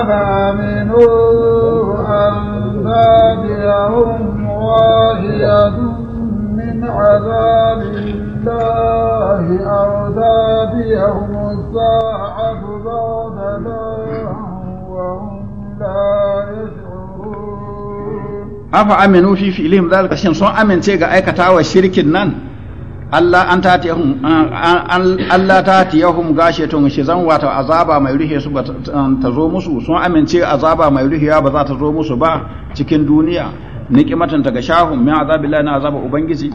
فآمنوا أن تأتيهم واهية من عذاب الله أو تأتيهم الساعة بغتة وهم لا يشعرون أفأمنوا في فعلهم ذلك عشان صنع أمن تيجا أيكتا وشركة نان Allah ta tiyahum Allah ta tiyahum shi zan wata azaba mai ruhe su ba ta zo musu sun amince azaba mai ruhiya ba za ta zo musu ba cikin duniya kimatan daga shahun min azabillahi na azaba ubangiji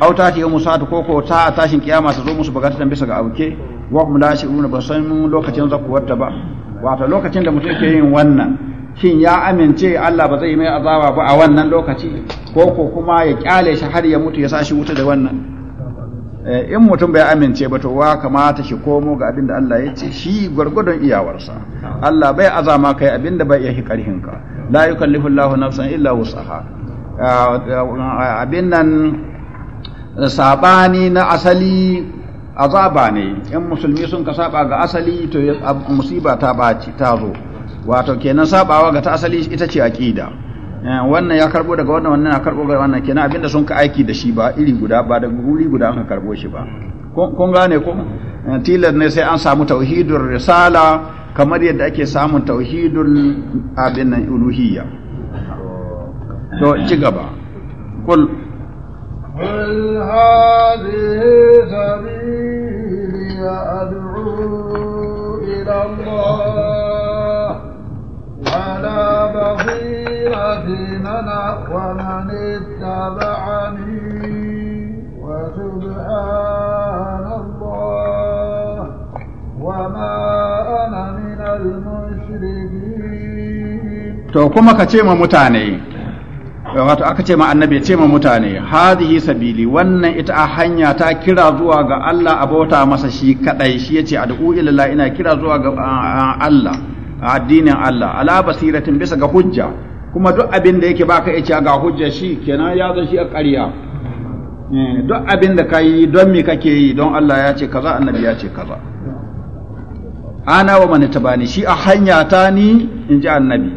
au ta tiyahum ko koko ta tashin kiyama ta zo musu ba ta bisa ga auke wa hum la shi'una ba san lokacin ta ba wato lokacin da mutum ke yin wannan shin ya amince Allah ba zai mai azaba ba a wannan lokaci ko ko kuma ya kyale shi har ya mutu ya sa shi wuta da wannan Eh, in mutum bai amince ba to wa kamata shi komo ga abin da Allah ya ce shi gwargwadon iyawarsa Allah bai azama kai abin da bai iya shi karhin ka la yukallifu Allahu nafsan illa wus'aha ah, abin nan sabani na asali azaba ne in musulmi sun ka saba ga asali to musiba ta ba ta zo wato kenan sabawa ga ta asali ita ce aqida Eh, wannan ya karbo daga wannan wannan ya karbo daga wannan kenan abinda sun ka aiki da shi ba iri guda ba da guri guda an ka karbo shi ba kun gane ko eh, tilar ne sai an samu tauhidur risala kamar yadda ake samun tauhidul abin uluhiyya to ci gaba قل قل هذه سبيلي أدعو إلى الله على بصير to kuma ka ce ma mutane wato aka ce ma annabi ce ma mutane hadhihi sabili wannan ita a hanya ta kira zuwa ga Allah a bauta masa shi kadai shi yace ad'u ila ina kira zuwa ga Allah addinin Allah ala basiratin bisa ga hujja kuma duk abin da yake baka iya ga hujja shi kenan ya zo shi a ƙarya eh, duk abin da ka yi don me kake yi don Allah ya ce kaza annabi ya ce kaza ana wa mani tabani shi a hanya ta ni in ji annabi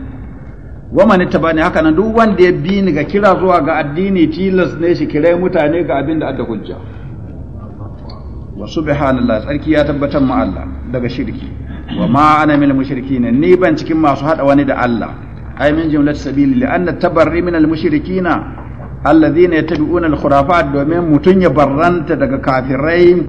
wa mani tabani haka nan duk wanda ya bi ni ga kira zuwa ga addini tilas ne shi kirai mutane ga abin da adda hujja wa subhanallah tsarki ya tabbatar ma Allah daga shirki wa ma ana min mushrikin ni ban cikin masu hada wani da Allah ay min jumlat sabili li anna tabarri min al mushrikina alladhina yattabi'una al khurafat domin mutun ya barranta daga kafirai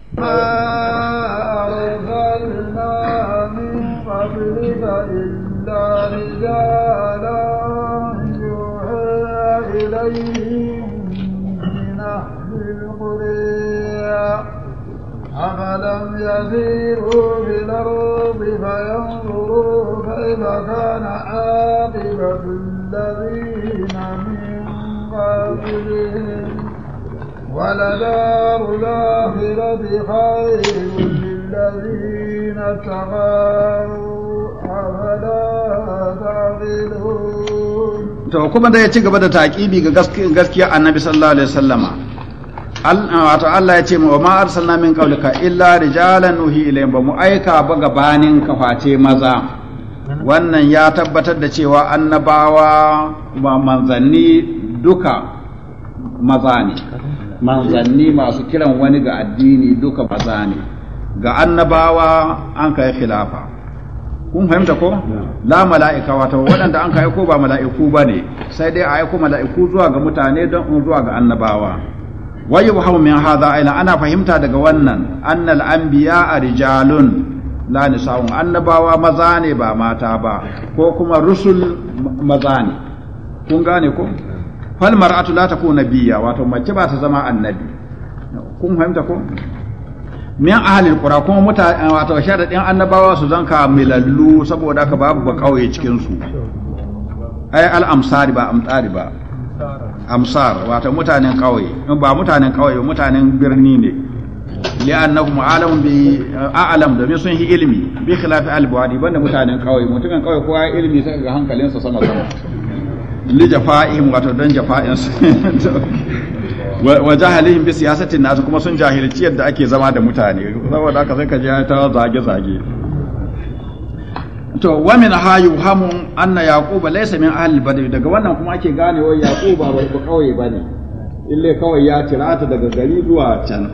أفلم يسيروا في الأرض فينظروا كيف كان عاقبة الذين من قبلهم ولدار الآخرة خير للذين اتقوا أفلا تعقلون. To kuma da ya ci gaba da taƙibi ga gaskiyar annabi sallallahu alaihi wasallama wato Allah ya ce wa ma arsalna min qablika illa rijalan nuhi ilayhim ba mu aika ba gabanin kaface maza wannan ya tabbatar da cewa annabawa ba manzanni duka maza ne manzanni masu kiran wani ga addini duka maza ne ga annabawa an kai khilafa kun fahimta ko la mala'ika wato waɗanda an kai ko ba mala'iku bane sai dai a aiko mala'iku zuwa ga mutane don zuwa ga annabawa wa hau min hadha aina ana fahimta daga wannan annal anbiya rijalun la nisa'un annabawa maza ne ba mata ba ko kuma rusul maza ne kun gane ko fal mar'atu la takunu nabiyya wato mace ba ta zama annabi kun fahimta ko min ahli alqura kuma mutane wato sharadin annabawa su zanka milallu saboda ka babu ba kauye cikin su ai al amsari ba amtari ba amsar wato mutanen kauye ba mutanen kauye mutanen birni ne li li'annahum alam bi a'lam domin sun hi ilmi bi khilafi al-buhari banda mutanen kauye mutumin kauye kowa ilmi sai ga hankalin sa sama sama li jafa'ihim wato dan jafa'in wa jahilihim bi siyasatin nasu kuma sun jahilci yadda ake zama da mutane saboda haka sai ka ji ta zage zage to wa min ha yuhamu anna yaquba laysa min ahli badr daga wannan kuma ake gane wai yaquba bai ba kauye bane ille kawai ya ta daga gari zuwa can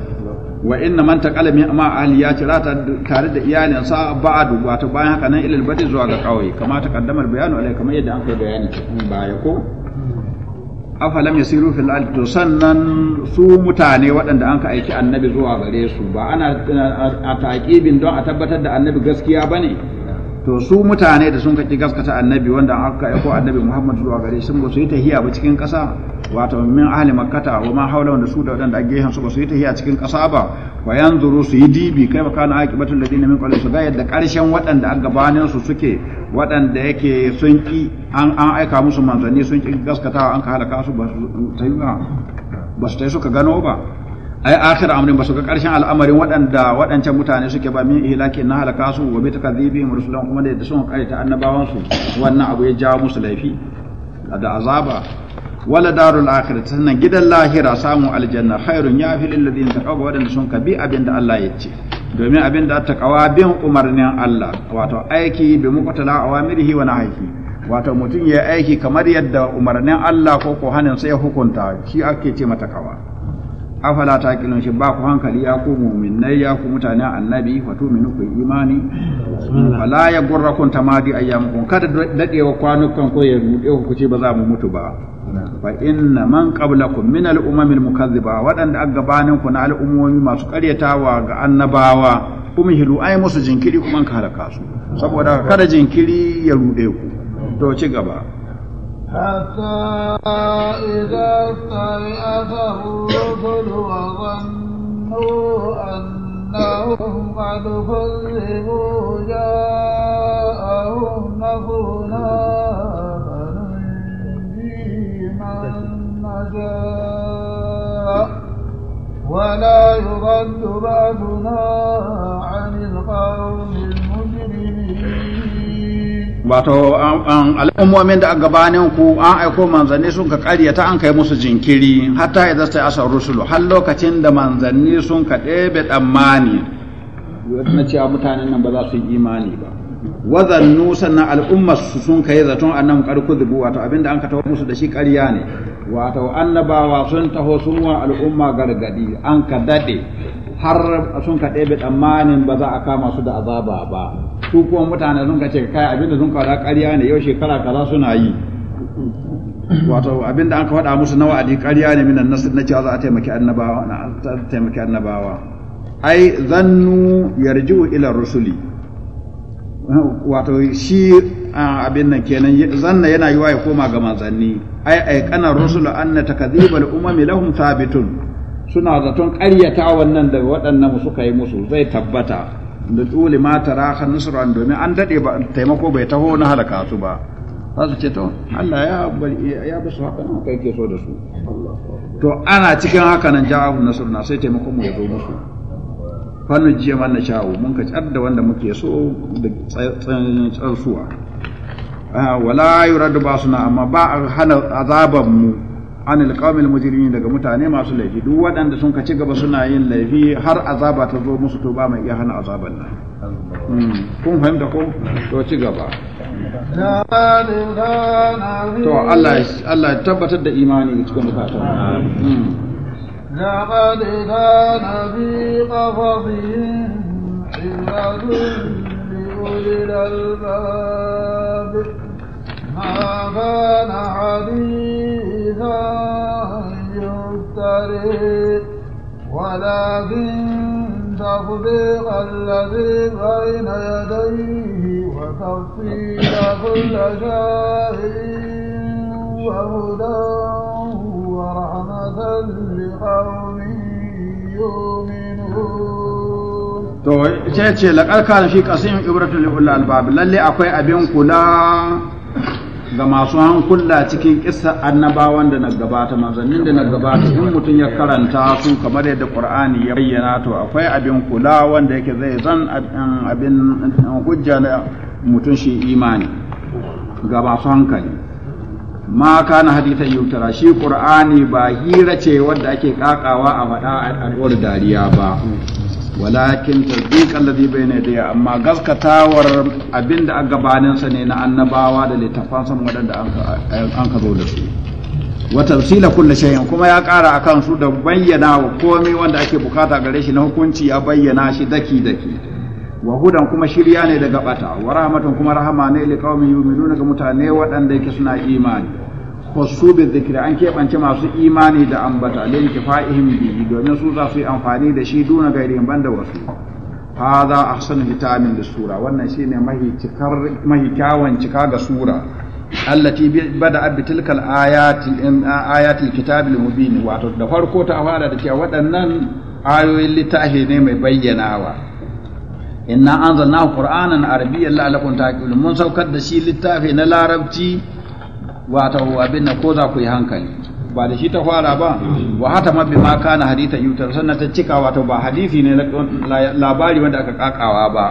wa inna man taqala min ma ahli ya ta tare da iyalinsa ba'adu wato bayan haka nan ilal badr zuwa ga kawai kama ta kaddamar bayanu alai kamar yadda an kai bayani cikin baya ko afalam yasiru fil ard to sannan su mutane waɗanda an ka aiki annabi zuwa gare su ba ana a taƙibin don a tabbatar da annabi gaskiya bane to su mutane da sun kaki gaskata annabi wanda aka aiko annabi Muhammad zuwa gare sun ba su yi tahiya ba cikin ƙasa wato min ahli makkata wa ma haula da su da wadanda a gehen su ba su yi tahiya cikin ƙasa ba wa yanzuru su yi dibi kai baka na aqibatul ladina min qablihim su ga yadda ƙarshen waɗanda a gabanin su suke waɗanda yake sun ki an an aika musu manzanni sun ki gaskata an ka halaka su ba su tayuwa ba su tayi suka gano ba ai akhir amrin ba su ga karshen al'amarin waɗanda waɗancan mutane suke ba min ihlaki na halaka su wa bi takadhibihim rusulan kuma da yadda sun karita annabawan su wannan abu ya jawo musu laifi da azaba wala darul akhirah sannan gidan lahira samu aljanna khairun yafi lil ladina taqaw waɗanda sun ka bi abin da Allah ya ce domin abin da ta kawa bin umarnin Allah wato aiki bi muqtala awamirihi wa nahyihi wato mutum ya aiki kamar yadda umarnin Allah ko ko hanin sai ya hukunta shi ake ce mata kawa afala ta kilon shi ba ku hankali ya ku mu'minai ya ku mutane annabi wa tu minu ku imani fala ya gurrakun tamadi kun kada dadewa kwanukan ko ya rude ku ce ba za mu mutu ba fa inna man qablakum min al-umam al-mukaththiba wadanda aggabanin ku na al'ummomi masu karyatawa ga annabawa kuma hilu ai musu jinkiri kuma ka halaka su saboda kada jinkiri ya rude ku to ci gaba حتى إذا استيأسه الرسل وظنوا أنهم قد كذبوا جاءهم نصرنا فننجي من نشاء ولا يرد بعدنا wato al'ummomin da a gabanin ku an aiko manzanni sun ka karyata an kai musu jinkiri hatta idan sai asar rusulu har lokacin da manzanni sun ka ɗebe tsammani na cewa mutanen nan ba za su yi imani ba wazannu sannan al'umma su sun kai zaton annan karku zubu wato abinda an ka taho musu da shi karya ne wato annabawa sun taho sun wa al'umma gargadi an ka daɗe har sun ka ɗebe tsammanin ba za a kama su da azaba ba su kuma mutane sun ka ce kai abinda sun kawo ƙarya ne yau shekara kaza suna yi wato abinda an ka faɗa musu na wa'adi ƙarya ne minan nasu na cewa za a taimaki annabawa na taimaki annabawa ai zannu yarji'u ila rusuli wato shi abin nan kenan zanna yana yiwa ya koma ga manzanni ai ai kana rusulu anna takdhibal umami lahum thabitun suna zaton ƙaryata wannan da waɗannan suka yi musu zai tabbata da tsuli ma ta kan nusran domin an daɗe ba taimako bai taho na halaka su ba za su ce to Allah ya ya ba su haka nan kai ke so da su to ana cikin haka nan ja'ahu na sai taimakon mu ya zo musu fanu jiya man sha'u mun ka tsar da wanda muke so da tsarsuwa ah, wala yuradu suna amma ba hana azaban mu An qawmil mujrimin daga mutane masu laifi duk waɗanda sun ka ci gaba suna yin laifi har azaba ta zo musu to mai iya hana azaban nan hmm. kun fahimta ko to ci gaba to Allah Allah ya tabbatar da imani cikin zukatan لقد كان في قصصهم عبرة لأولي الألباب ما كان حديثا الطريق ولكن تصديق الذي بين يديه وتفصيل كل شيء وهدى ورحمة لقوم يؤمنون to ce ce laƙar kana fi ƙasin ibratun lihul albab lalle akwai abin kula ga masu hankula cikin kisa, annabawan da na gabata manzannin da na gabata in mutum ya karanta su kamar yadda qur'ani ya bayyana to akwai abin kula wanda yake zai zan abin hujja na mutum shi imani ga masu hankali ma na hadita yutara shi qur'ani ba hira ce wadda ake kakawa a faɗa a dariya ba walakin tasdiq alladhi bayna yadayya amma gaskatawar abinda a gabaninsa ne na annabawa da littafansa waɗanda an ka zo da su wa tafsila kulli shay'in kuma ya ƙara akan su da bayyana wa komai wanda ake bukata gare shi na hukunci ya bayyana shi daki daki wa hudan kuma shirya ne daga bata wa rahmatun kuma rahama ne li qaumin yu'minuna ga mutane waɗanda yake suna imani khusu bi dhikri an keɓance masu imani da ambata lin kifa'ihim bihi domin su za su yi amfani da shi duna gairi ban da wasu hadha ahsanu hitamin da sura wannan shine mahi cikar mahi kyawun cika ga sura allati bada bi tilkal ayati in ayatil kitabil mubin wato da farko ta fara da cewa waɗannan ayoyin littafi ne mai bayyanawa inna anzalnahu qur'anan arabiyyan la'allakum taqilun mun saukar da shi littafi na larabci wato abin nan ko za ku yi hankali ba da shi ta fara ba wa hata ma kana hadita yutar sannan ta cika wato ba hadisi ne labari wanda aka kakawa ba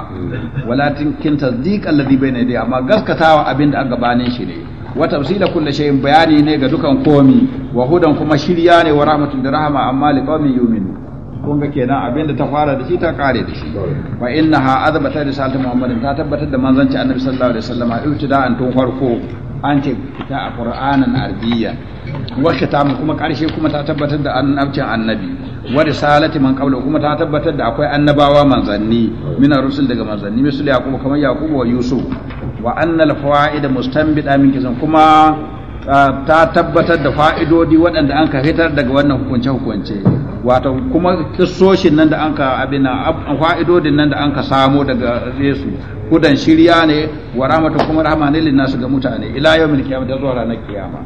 walatin kin tasdiq alladhi bayna yadayhi amma gaskatawa abin da aka gabanin shi ne wa tafsila kulli shay'in bayani ne ga dukan komi wa hudan kuma shirya ne wa rahmatun da rahama amma liqaumin yu'minu kun ga kenan abin da ta fara da shi ta kare da shi fa innaha azbata risalatu muhammadin ta tabbatar da manzanci annabi sallallahu alaihi wasallam ibtida'an tun farko an ce fita a qur'anan arabiyya wa khitamu kuma ƙarshe kuma ta tabbatar da annabcin annabi wa risalati man qabla kuma ta tabbatar da akwai annabawa manzanni min rusul daga manzanni misal yaqub kamar yaqub wa yusuf wa anna al fawaid mustanbida min kisan kuma ah, ta tabbatar da fa'idodi waɗanda an ka fitar daga wannan hukunce hukunce wato kuma kissoshin nan da an ka abin fa'idodin nan da an ka samo daga Yesu kudan shirya ne wa rahmatu kuma rahama lin nasu ga mutane ila yawmil qiyamah da zuwa ranar kiyama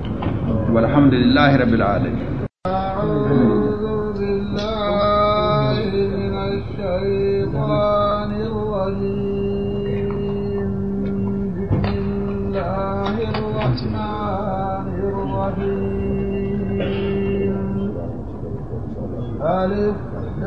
walhamdulillahi rabbil alamin ألف تلك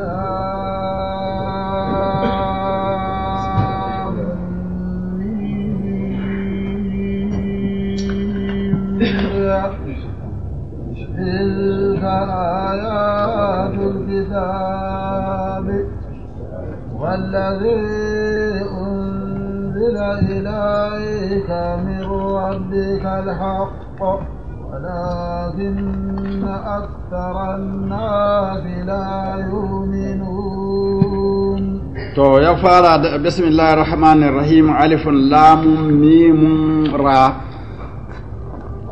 آيات الكتاب والذي أنزل إليك من ربك الحق ولكن أكثر الناس لا يؤمنون to ya fara da bismillahir rahmanir rahim alifun lamun mimun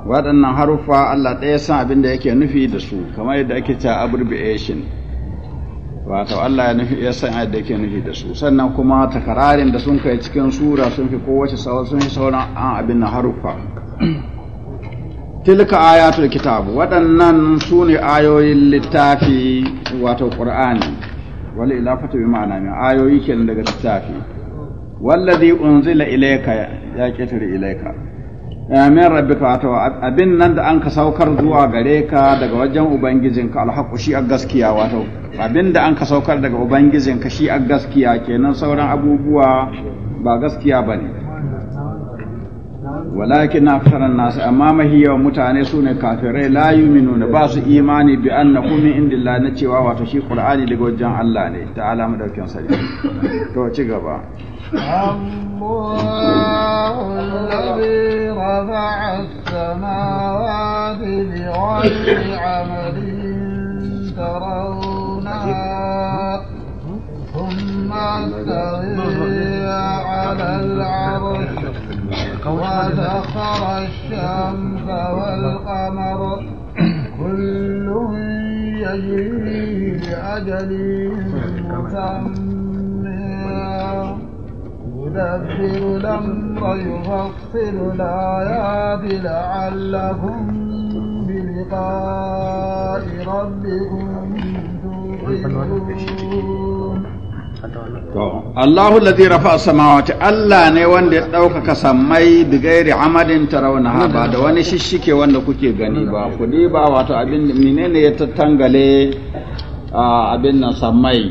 waɗannan harufa Allah ɗaya san abin da yake nufi da su kamar yadda ake cewa abbreviation wato Allah ya nufi ya san yadda yake nufi da su sannan kuma takararin da sun kai cikin sura sun fi kowace sun fi sauran ah, abin na harufa tilka ayatul kitabu. waɗannan su ne ayoyin littafi wato qur'ani wal ilafatu bi ma'ana min ayoyi kenan daga littafi wallazi unzila ilayka ya kitri ilayka min rabbika wato abin nan da an ka saukar zuwa gare ka daga wajen ubangijinka alhaqu shi a gaskiya wato abin da an ka saukar daga ubangijinka shi a gaskiya kenan sauran abubuwa ba gaskiya bane walakin aktharan nasu amma mahiya mutane sune kafirai la yu'minuna ba su imani bi kuma inda indillah na cewa wato shi qur'ani daga wajen Allah ne ta'ala mu daukin sarki to ci gaba الله الذي رفع السماوات بغير عمد وسخر الشمس والقمر كل يجري لأجل مسمى يدبر الأمر يفصل الآيات لعلكم بلقاء ربكم توقنون Allahu الذي رفع السماوات Allah ne wanda ya ɗaukaka sammai عمد gairi amadin tarawnaha ba da wani shishike wanda kuke gani ba ku ba wato abin menene ya abin sammai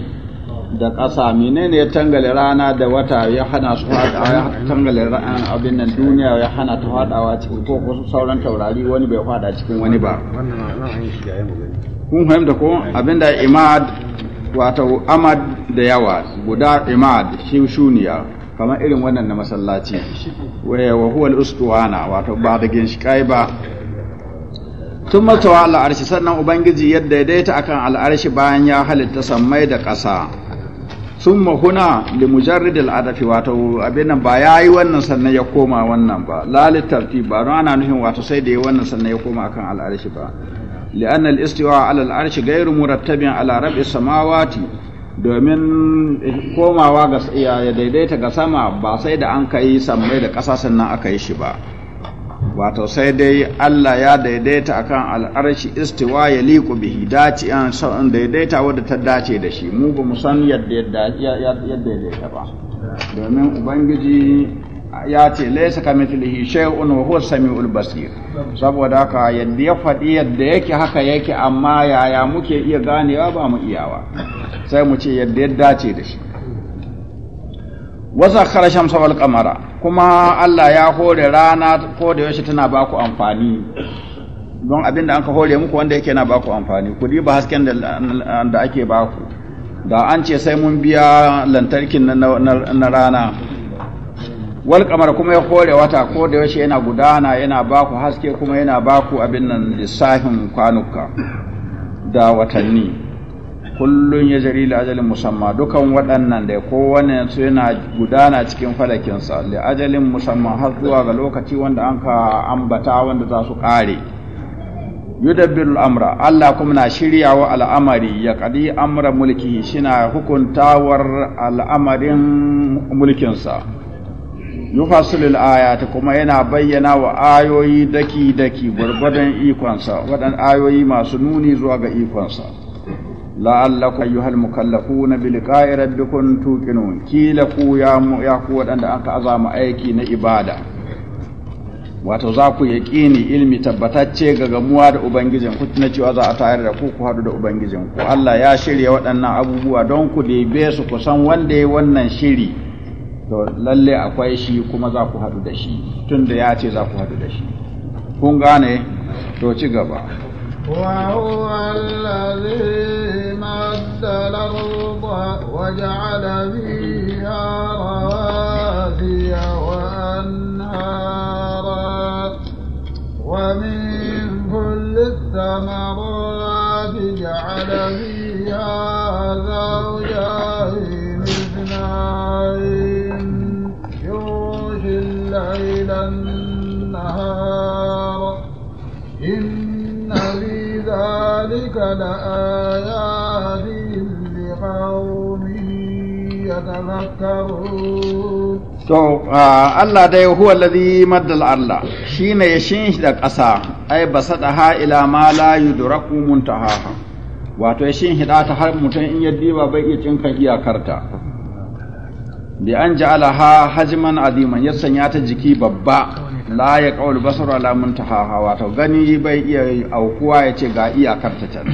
da ƙasa ne ya tangale rana da wata ya hana su faɗawa ya tangale abin nan duniya ya hana ta faɗawa cikin ko sauran taurari wani bai cikin wani ba kun fahimta ko abin da wato amad da yawa guda imad shi shuniya kamar irin wannan na masallaci waya wa huwa al-ustuwana wato ba da ginshikai ba tun matawa al'arshi sannan ubangiji yadda ya daita akan al'arshi bayan ya halitta sammai da ƙasa sun mahuna li mujarrid al'adafi wato abin ba ya yi wannan sannan ya koma wannan ba lalitarti ba ana nufin wato sai da ya wannan sannan ya koma akan al'arshi ba li'anna al-istiwa ala al-arshi ghayru murattabin ala rab'i samawati domin komawa ga ya daidaita ga sama ba sai da an kai sammai da ƙasa sannan aka yi shi ba wato sai dai Allah ya daidaita akan al'arshi istiwa ya liku bihi dace an san daidaita wadda ta dace da shi mu ba mu san yadda ya daidaita ba domin ubangiji ya ce laisa ka mithlihi shay'un wa huwa samiul basir saboda haka yadda ya faɗi yadda yake haka yake amma yaya muke iya ganewa ba mu iyawa sai mu ce yadda ya dace da shi wasa kara shamsa wal kamara kuma Allah ya hore rana ko da yaushe tana ba amfani don abinda an ka hore muku wanda yake na baku ku amfani ku ba hasken da ake baku da an ce sai mun biya lantarkin na rana wal kuma ya kore wata ko da yaushe yana gudana yana baku haske kuma yana baku abin nan lissafin kwanuka da watanni kullun ya jari la ajalin musamma dukan waɗannan da kowane su yana gudana cikin falakinsa da ajalin musamma har zuwa ga lokaci wanda an ka ambata wanda za su ƙare yudabbiru amra Allah kuma na shirya shiryawa al'amari ya kadi amra mulki shina hukuntawar al'amarin mulkinsa yufasilil ayata kuma yana bayyana wa ayoyi daki-daki gwargwadon ikonsa waɗanda ayoyi masu nuni zuwa ga ikonsa la'allaka ayyuhal mukallafuna na liqa'i rabbikum tuqinun kila ku ya mu ya ku waɗanda aka azama aiki na ibada wato za ku yaqini ilmi tabbatacce ga gamuwa da ubangijin ku tuna cewa za a tayar da ku ku haɗu da ubangijin ku Allah ya shirya waɗannan abubuwa don ku debe su ku san wanda ya wannan shiri to lalle akwai shi kuma za ku haɗu da shi tun da ya ce za ku haɗu da shi kun gane to ci gaba وهو الذي مد الأرض وجعل فيها رواسي لآيات لقوم يتذكرون to Allah dai huwa alladhi maddal shi shine ya shin shi da ƙasa ai ha ila ma la yudraku muntahaha wato ya shin da ta har mutum in ya diba bai iya cinkan iyakarta bi an ha hajman aziman ya sanya ta jiki babba la ya qawl lamunta, ala muntaha wato gani bai iya aukuwa ya ce ga iyakarta ta can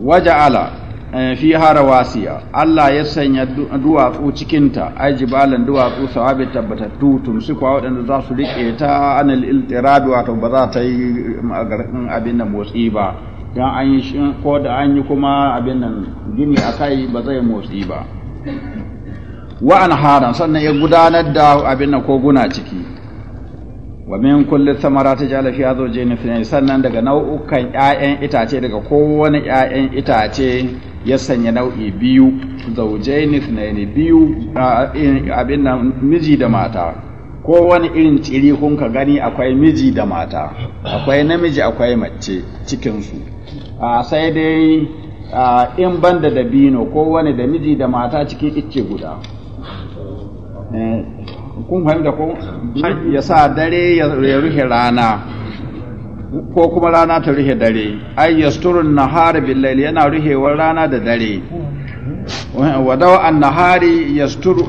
waja'ala eh, fi wasiya Allah ya sanya duwatsu cikinta ai jibalan duwatsu sawabi tabbatattu kwa waɗanda za su riƙe ta anil iltirabi wato ba za ta yi mm, abin da motsi ba don an yi ko da an yi kuma abin nan gini akai ba zai motsi ba wa haran sannan ya gudanar da abin nan koguna ciki wa min kulli thamarati jala fi zawjayn ithnayn sannan daga nau'ukan ƴaƴan itace daga kowane ƴaƴan itace ya sanya nau'i biyu zawjayn ithnayn biyu abin nan miji da mata Ko wani irin tsiri kun ka gani akwai miji da mata akwai namiji akwai mace cikin su sai dai in banda da bino wani da miji da mata cikin icce guda kun fahimta ko ya sa dare ya rufe rana ko kuma rana ta ruhe dare ai yasturun nahar billail yana ruhewar rana da dare wadau an nahari ya sturu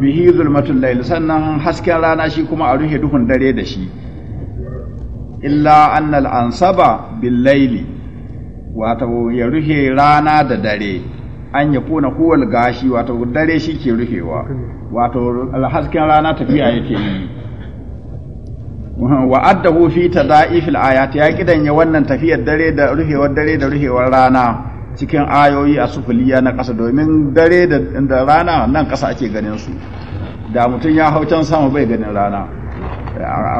bihi zulmatun sannan hasken rana shi kuma a ruhe duhun dare da shi illa annal ansaba billaili wato ya rufe rana da dare an ya kuna huwal gashi wato dare shi ke rufewa wato alhasken rana tafiya yake yi wa addahu fi tada'ifil ayat ya kidanya wannan tafiyar dare da rufewar dare da rufewar rana cikin ayoyi a sufuliya na ƙasa domin dare da rana nan ƙasa ake ganin su da mutum ya hau can sama bai ganin rana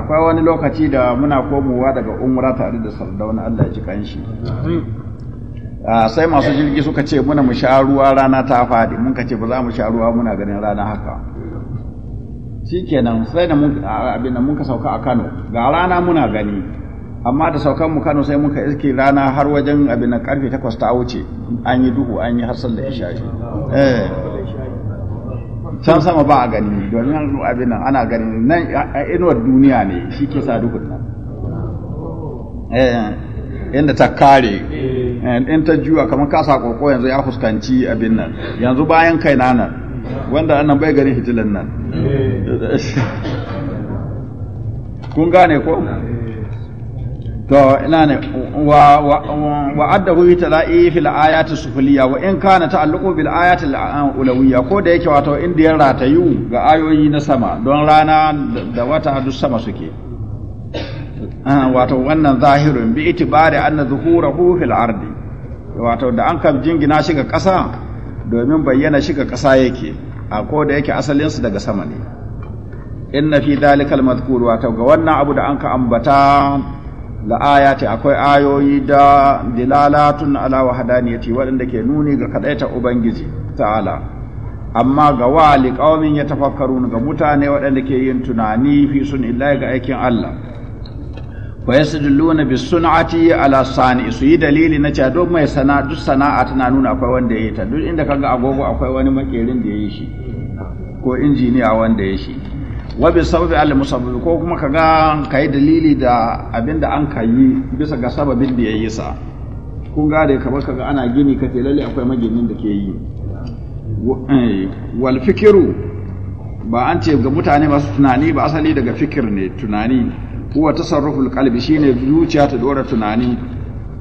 akwai wani lokaci da muna komowa daga umra tare da sardauna Allah ya ji kanshi Ah, sai masu jirgi suka ce muna mu sha ruwa rana ta faɗi mun ka ce ba za mu sha ruwa muna ganin rana haka kenan sai da mun ah, mun ka sauka a Kano ga rana muna gani amma da saukan mu Kano sai mun ka iske rana har wajen abin da karfe takwas ta wuce an yi duhu an yi har da isha eh can sama ba a gani domin abin nan ana gani nan inuwar duniya ne shi ke sa duhun nan eh inda ta kare in ta juya kamar kasa koko yanzu ya fuskanci abin nan yanzu bayan kai na nan wanda annan bai gani hitilan nan kun gane ko to ina ne wa wa ta la'i fil ayati sufliya wa in kana ta'alluqu bil ayati al ulawiyya ko da yake wato inda ya ratayu ga ayoyi na sama don rana da wata duk sama suke ah, wato wannan zahirin bi itibari anna zuhurahu fil ardi wato da an kan jingina shi ga ƙasa domin bayyana shiga ƙasa yake a ko da yake asalinsu daga sama ne inna fi dalikal madhkur wato ga wannan abu da an ka ambata la ayati akwai ayoyi da dilalatun ala wahdaniyati waɗanda ke nuni ga kadaita ubangiji ta'ala amma ga wali qaumin yatafakkarun ga mutane waɗanda ke yin tunani fi sun illahi ga aikin Allah wa yasdalluna bis sun'ati ala sani su yi dalili na cewa duk mai sana duk sana'a tana nuna akwai wanda yayi ta duk inda kaga agogo akwai wani makerin da yayi shi ko injiniya wanda yayi shi wa bi sababi al musabbib ko kuma kaga kai dalili da abinda an kayi bisa ga sababin da yayi sa kun gare kaba kaga ana gini kace lalle akwai maginin da ke yi wal fikiru ba an ce ga mutane masu tunani ba asali daga fikir ne tunani huwa tasarruful qalbi shine zuciya ta dora tunani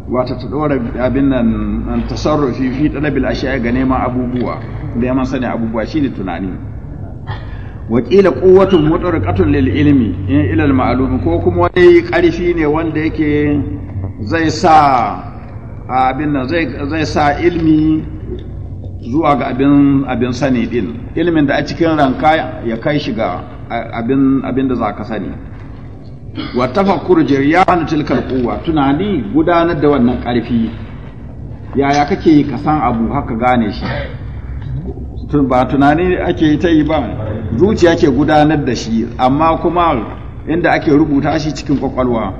wata ta dora abin nan tasarrufi fi talabil ashiya ga neman abubuwa da yaman sani abubuwa shine tunani wa qila quwwatu mutarqatun lil ilmi in eh, ilal ma'lum ko kuma wani karfi ne wanda yake zai sa abin nan zai zai sa ilmi zuwa ga abin abin sani din ilmin da a cikin ranka ya kai shi ga abin abin da za ka sani wa tafakkur jiryan tilkal quwwa tunani gudanar da wannan ƙarfi yaya kake yi ka san abu haka gane shi ba tunani ake ta yi ba zuciya ke gudanar da shi amma kuma inda ake rubuta shi cikin kwakwalwa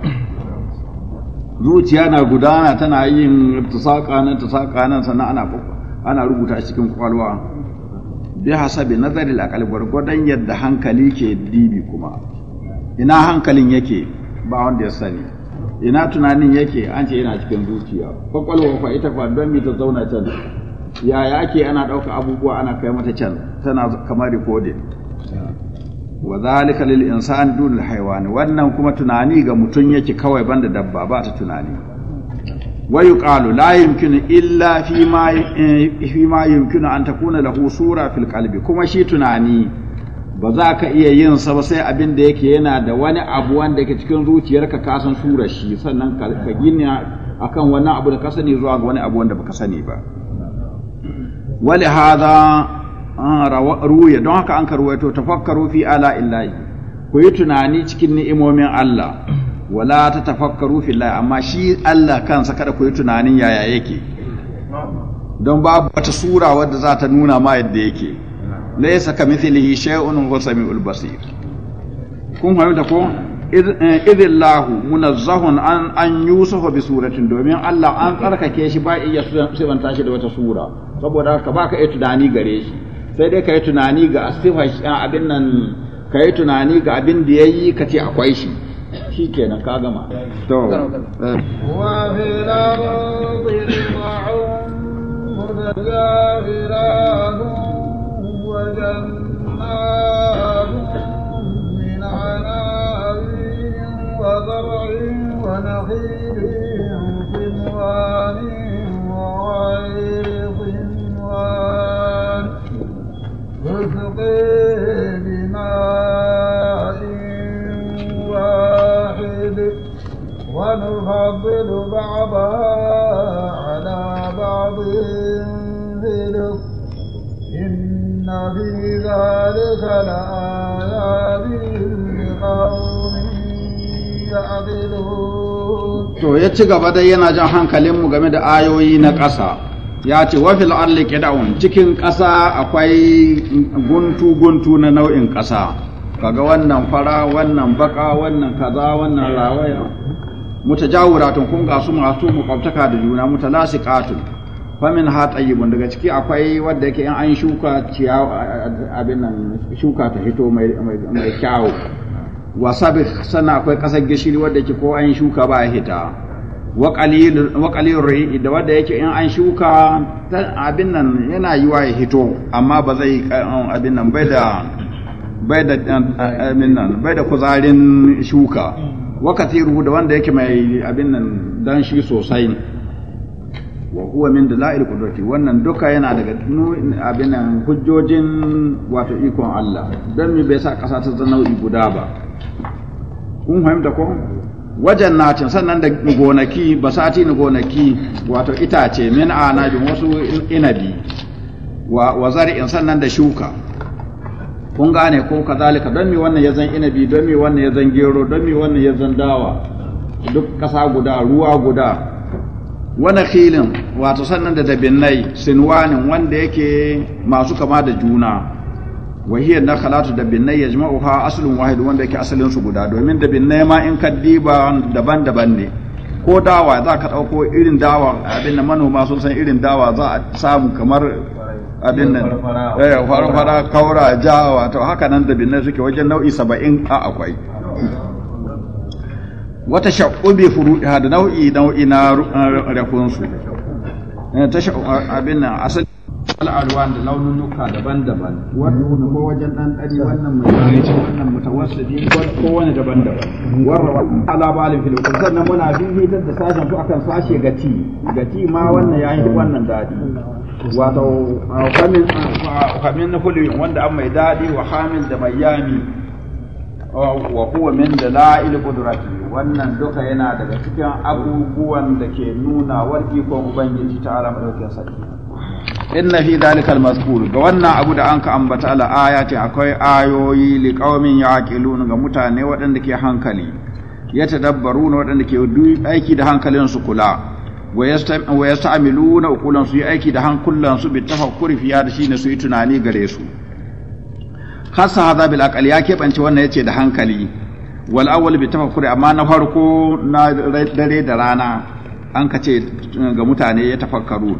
zuciya na gudana tana yin tusaka nan tusaka nan sannan ana ana rubuta shi cikin kwakwalwa bi hasabi nazari al gwargwadon yadda hankali ke dibi kuma ina hankalin yake ba wanda ya sani ina tunanin yake an ce yana cikin zuciya kwakwalwa fa ita fa don mi ta zauna can yaya ake ana ɗauka abubuwa ana kai mata can tana kamar recording wa zalika lil insan dunul haywani wannan kuma tunani ga mutum yake kawai banda dabba ba ta tunani wa yuqalu la yumkinu illa fi ma eh, fi ma yumkinu an takuna lahu sura fil qalbi kuma shi tunani ba za ka iya yin sa ba sai abin da yake yana da wani abu wanda yake cikin zuciyarka ka san sura shi sannan ka gina akan wani abu da ka sani zuwa ga wani abu wanda baka sani ba wali hadha ah, ruya don haka an to tafakkaru fi ala illahi ku yi tunani cikin ni'imomin Allah wala ta tafakkaru fi Allah amma shi Allah kansa kada ku yi tunanin yaya yake don babu wata sura wadda za ta nuna ma yadda yake laysa kamithlihi shay'un wa samiul basir kun da ko idillahu munazzahun an an yusufa bi suratin domin Allah an tsarkake shi ba iya sifanta shi da wata sura saboda ka baka ka yi tunani gare shi sai dai ka yi tunani ga sifa abin nan ka yi tunani ga abin da ya yi ka akwai shi shi nan ka gama to wa وجنات من عناب وزرع ونخيل صنوان وغير صنوان بماء واحد ونفضل بعضها على بعض في في لقوم to ya ci gaba dai yana jan hankalinmu game da ayoyi na ƙasa ya ce wafil arli kida'un cikin ƙasa akwai guntu-guntu na nau'in ƙasa kaga wannan fara wannan baka wannan kaza wannan rawaya mutajawuratun kun su masu mukwabtaka da juna katun. famin ha tayyibun daga ciki akwai wanda yake in an shuka ciyawa abin nan shuka ta hito mai mai kyawu wa sabih sannan akwai kasar gishiri wanda yake ko an shuka ba hita wa qalil wa qalil da wanda yake in an shuka abin nan yana yiwa ya hito amma ba zai eh, abin nan bai da bai da eh, abin nan bai da kuzarin shuka wa kathiru da wanda yake mai abin nan dan shi sosai wa huwa min dalail qudrati wannan duka yana daga abin hujjojin wato ikon Allah dan me bai sa kasa ta zama nau'i guda ba kun fahimta ko wajen natin sannan da gonaki basati ni gonaki wato itace min anabin wasu inabi wa wazari zari'in sannan da shuka kun gane ko kazalika don me wannan ya zan inabi don me wannan ya zan gero don me wannan ya zan dawa duk kasa guda ruwa guda wani khilin wato sannan da dabinnai sinwanin wanda yake masu kama da juna wahiyar na khalatu dabinnai ya jima'u ha asalin wahid wanda yake asalin su guda domin dabinnai ma in ka diba daban-daban ne ko dawa za ka ɗauko irin dawa abin da manoma sun san irin dawa za a samu kamar abin nan fara eh, fara kaura jawa to haka nan dabinnai suke wajen nau'i saba'in a akwai wata shaƙubi furuɗiha da nau'i nau'i na rakunsu eh, ta abin nan asali al'alwan da laununuka daban-daban Wannan ko wajen ɗan ɗari wannan mai zane wannan mutawassidi ko wani daban-daban warra ala balin fil sannan muna bibitar da sashen su akan sashe gati gati ma wannan yayi wannan dadi wato kamin kamin na kullu wanda an mai dadi wa hamil da mai yami wa huwa min dalail qudratihi wannan duka yana daga cikin abubuwan da ke nuna warki ko ubangiji ta ala madaukakin sarki inna fi dalikal mazkur ga wannan abu da anka ambata ala ayati akwai ayoyi li qaumin yaqilun ga mutane waɗanda ke hankali ya na waɗanda ke aiki da hankalin su kula wa yasta'miluna uqulan su yi aiki da hankulan su bi fi fiya da shine su yi tunani gare su khassa hadha bil aqli ya keɓance wannan yace da hankali wal awwal bi tafakkuri amma na farko na dare da rana an kace ga mutane ya tafakkaru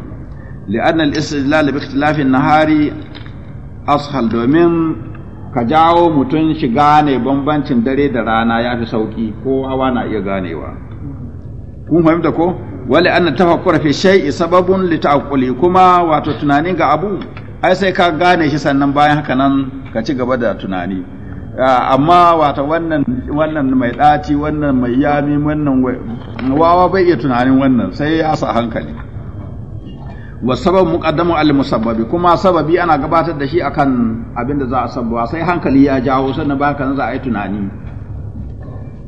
anna al-istidlal bi ikhtilafi an-nahari ashal domin ka jawo mutum shi gane bambancin dare da rana ya fi sauki ko hawa na iya ganewa kun fahimta ko wali an tafakkura fi shay'i sababun li ta'qquli kuma wato tunani ga abu ai sai ka gane shi sannan bayan haka nan ka ci gaba da tunani Ah, amma wata wannan mai ɗaci wannan mai yami wannan wawa bai iya tunanin wannan sai ya sa hankali wa sabab muqaddamu al musabbabi kuma sababi ana gabatar da shi akan abin da za a sabba sai hankali ya jawo sannan baka za a yi tunani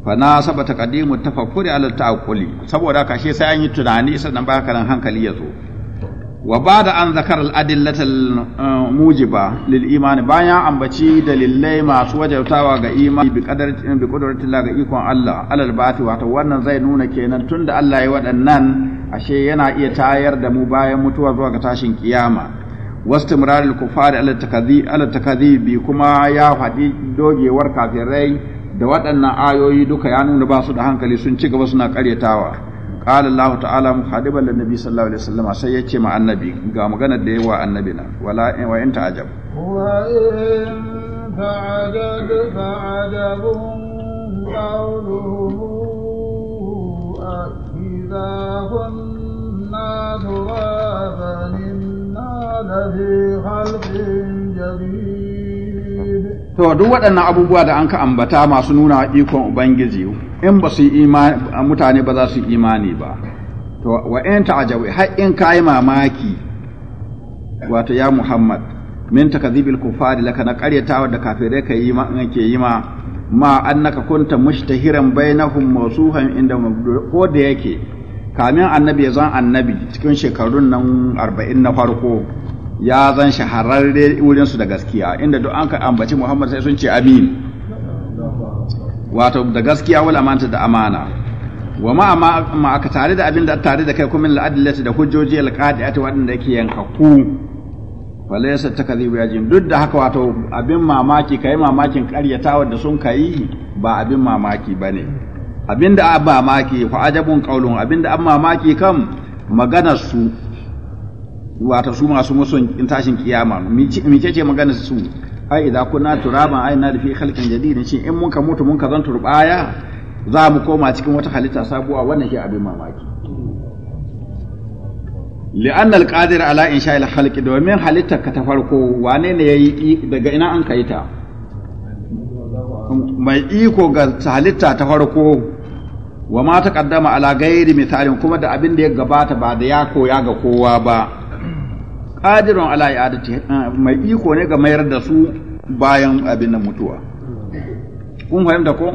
fa na sabata qadimu tafakkuri ala ta'aqquli saboda kashe sai an yi tunani sannan baka kan hankali ya zo wa ba da an zakar al'adillatal mujiba lil imani bayan ambaci dalilai masu wajabtawa ga imani bi ƙudurtun ga ikon Allah alal wata wannan zai nuna kenan tunda Allah ya waɗannan ashe yana iya tayar da mu bayan mutuwar zuwa ga tashin kiyama wasu muraril kufari alal takadhibi kuma ya faɗi dogewar kafirai da waɗannan ayoyi duka ya nuna ba su da hankali sun ci gaba suna karyatawa. qala Allah ta'ala muhadiban lin nabi sallallahu alaihi wasallam sai yace ma annabi ga maganar da yawa annabi na wala in wa in ta'ajab wa in ta'ajab fa'ajab qawluhu na kunna turaban inna lafi khalqin jadid to duk waɗannan abubuwa da an ka ambata masu nuna ikon ubangiji in ba su imani mutane ba za su yi imani ba to wa in ta'ajabu har in kai mamaki wato ya muhammad min takdhibil kufari laka na qaryatawa da kafirai ka yi ma ke yi ma ma annaka kunta mushtahiran bainahum mawsuhan inda ko da yake kamin annabi ya zan annabi cikin shekarun nan 40 na farko ya zan shahararre wurin su da gaskiya inda duk an ka ambaci Muhammad sai sun ce amin wato da gaskiya wal amanta da amana wa ma ma aka tare da abin da tare da kai kuma al'adillati da hujjoji Al-Qadi, alqadiati wadanda yake yankaku laysa takdhibu yajin duk da haka wato abin mamaki kai mamakin ƙaryatawa da sun kai ba abin mamaki bane abin da ba mamaki fa ajabun qaulun abin da an mamaki kam maganar su Wata su masu musun tashin kiyama mi ce ce magana su ai idan na turaban ai na da fi khalqin jadidin shin in mun ka mutu mun ka zan turbaya za mu koma cikin wata halitta sabuwa wannan shi abin mamaki li'an al-qadir ala insha al-khalqi domin halittar ka ta farko wane ne yayi daga ina an kai ta mai iko ga halitta ta farko wa ma taqaddama ala ghairi misalin kuma da abin da ya gabata ba da ya koya ga kowa ba qadirun ala i'adati eh, mai iko ne ga mayar da su bayan abin da mutuwa kun fahimta ko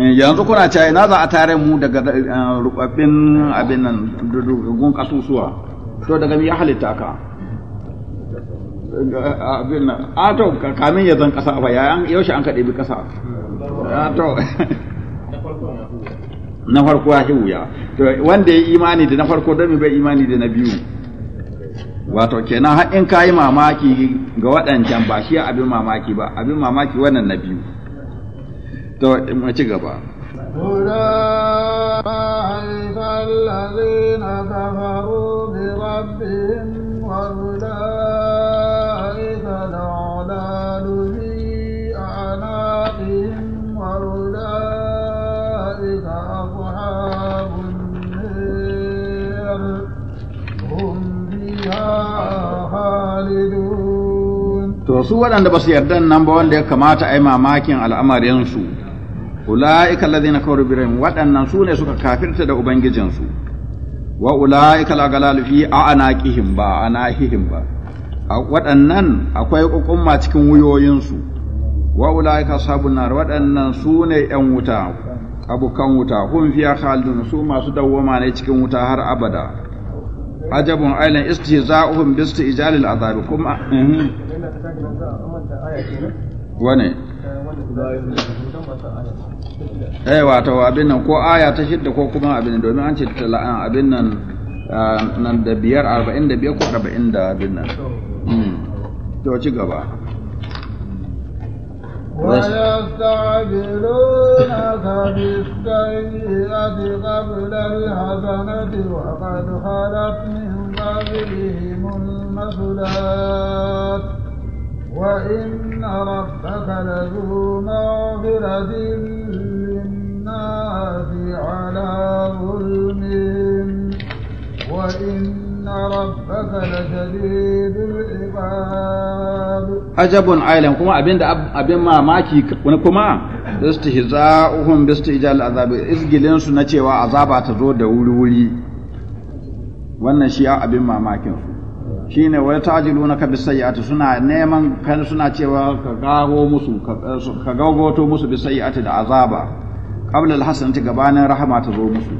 eh, yanzu kuna cewa ina za a tare mu daga eh, rubabbin abin nan dudugun kasusuwa to daga mi ya halitta ka abin nan a to kamin ya zan kasa fa ya yaushe an kaɗe bi kasa a to na farko ya wuya wanda ya imani da na farko don bai imani da na biyu wato kenan har in kayi mamaki ga waɗancan ba shi abin mamaki ba abin mamaki wannan na biyu to in ci gaba أولئك su waɗanda ba su yarda nan ba wanda ya kamata a yi mamakin al'amarinsu ula'ika alladhina kafaru bi waɗannan su ne suka kafirta da ubangijinsu wa ula'ika al-aghlalu fi a'naqihim ba anahihim ba waɗannan akwai ƙuƙumma cikin wuyoyinsu wa ula'ika ashabun nar waɗannan su ne ƴan wuta abokan wuta hum fiya khalidun su masu dawwama ne cikin wuta har abada ajabun ailan istihza'uhum bi isti'jalil azab kuma wane eh wato abin nan ko aya ta shidda ko kuma abin domin an ce la'an abin nan ah, nan da biyar arba'in da biyar ko arba'in da abin nan hmm. to ci gaba ويستعجلونك قبل وقد خلت من قبلهم المثلات وإن ربك لذو مغفرة للناس على ظلمهم وإن ربك لشديد العقاب عجب عالم كما أبين أبين ما ماكي كما استهزاؤهم باستئجال العذاب إزجلين سنة cewa azaba ta zo da wuri-wuri wannan shi abin mamakin su shine wa ta'jiluna ka bisayyati suna neman kan suna cewa ka gago musu ka gagoto musu da azaba qabla alhasanati gabanin rahama ta zo musu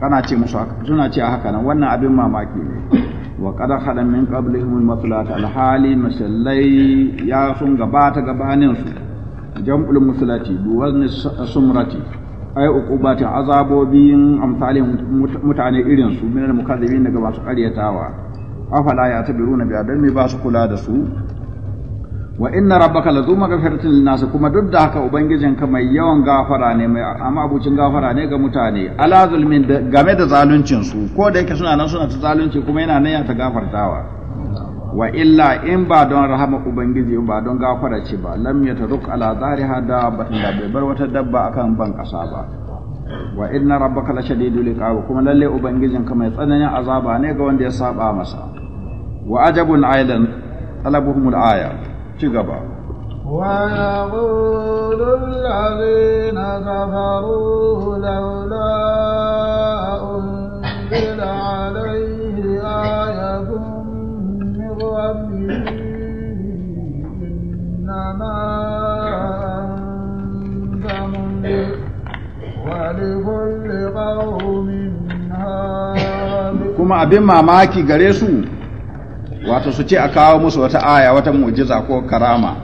kana ce musu haka suna ce haka nan wannan abin mamaki ne wa qad khada min qablihim almaslat alhali masallai ya sun gabata gabanin su jam'ul muslati duwan sumrati ai uqubatin azabobin amsalin mutane irin su minal mukazzibin daga masu karyatawa afala ya tabiruna bi adam ba su kula da su wa inna rabbaka lazu lin nas kuma duk da haka ubangijin ka mai yawan gafara ne mai amma abucin gafara ne ga mutane ala zulmin game da zaluncin su ko da yake suna nan suna ta zalunci kuma yana nan ya ta gafartawa wa illa in ba don rahama ubangiji ba don gafara ce ba lam yatruk ala zariha da batun da bai bar wata dabba akan ban kasa ba wa inna rabbaka shadidul iqab kuma lalle ka mai tsananin azaba ne ga wanda ya saba masa وعجب ajabun طلبهم الآية تقبع ويقول الذين كفروا لولا أنزل عليه آية من ربه إنما أنت ولكل قوم هاد كما أبين mamaki gare su wato su ce a kawo musu wata aya wata mu'jiza ko karama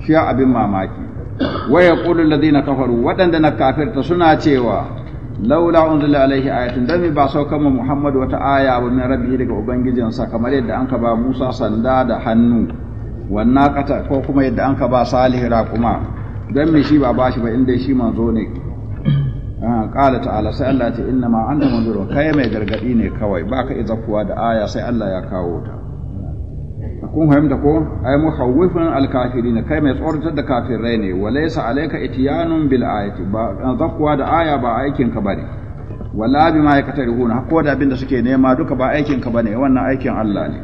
shi abin mamaki wa yaqulu alladhina kafaru waɗanda na kafirta suna cewa laula unzila alaihi ayatun dan ba saukan mu Muhammad wata aya wa min rabbi daga sa kamar yadda an ka ba Musa sanda da hannu wannan kata ko kuma yadda an ka ba Salih raquma dan me shi ba bashi ba inda shi manzo ne ah, qala ta'ala sai Allah ta inna ma anta munzirun kai mai gargadi ne kawai baka izakuwa da aya sai Allah ya kawo ta kun fahimta ko ay mukhawwifan alkafirin kai mai tsoratar da kafirai ne walaysa alayka itiyanun bil ayati ba zakwa da aya ba aikin ka bane wala bima yakatarihuna ko da abin da suke nema duka ba aikin ka bane wannan aikin Allah ne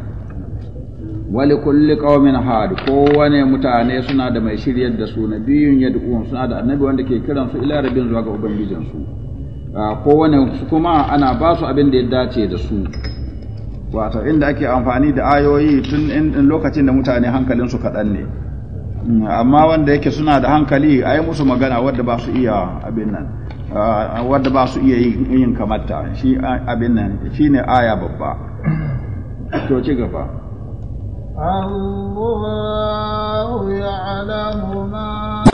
wali kulli qaumin had wane mutane suna da mai shiryar da su nabiyun yad'un suna da annabi wanda ke kiran su ila rabbin zuwa ga ubangijin ah, su kowane kuma ana ba su abin da ya dace da su wato inda ake amfani da ayoyi tun in lokacin da mutane hankalinsu kaɗan ne mm, amma wanda yake suna da hankali a yi musu magana wadda ba su iya abin nan wadda ba su iya yin kamata shi abin nan shi aya babba to ci gaba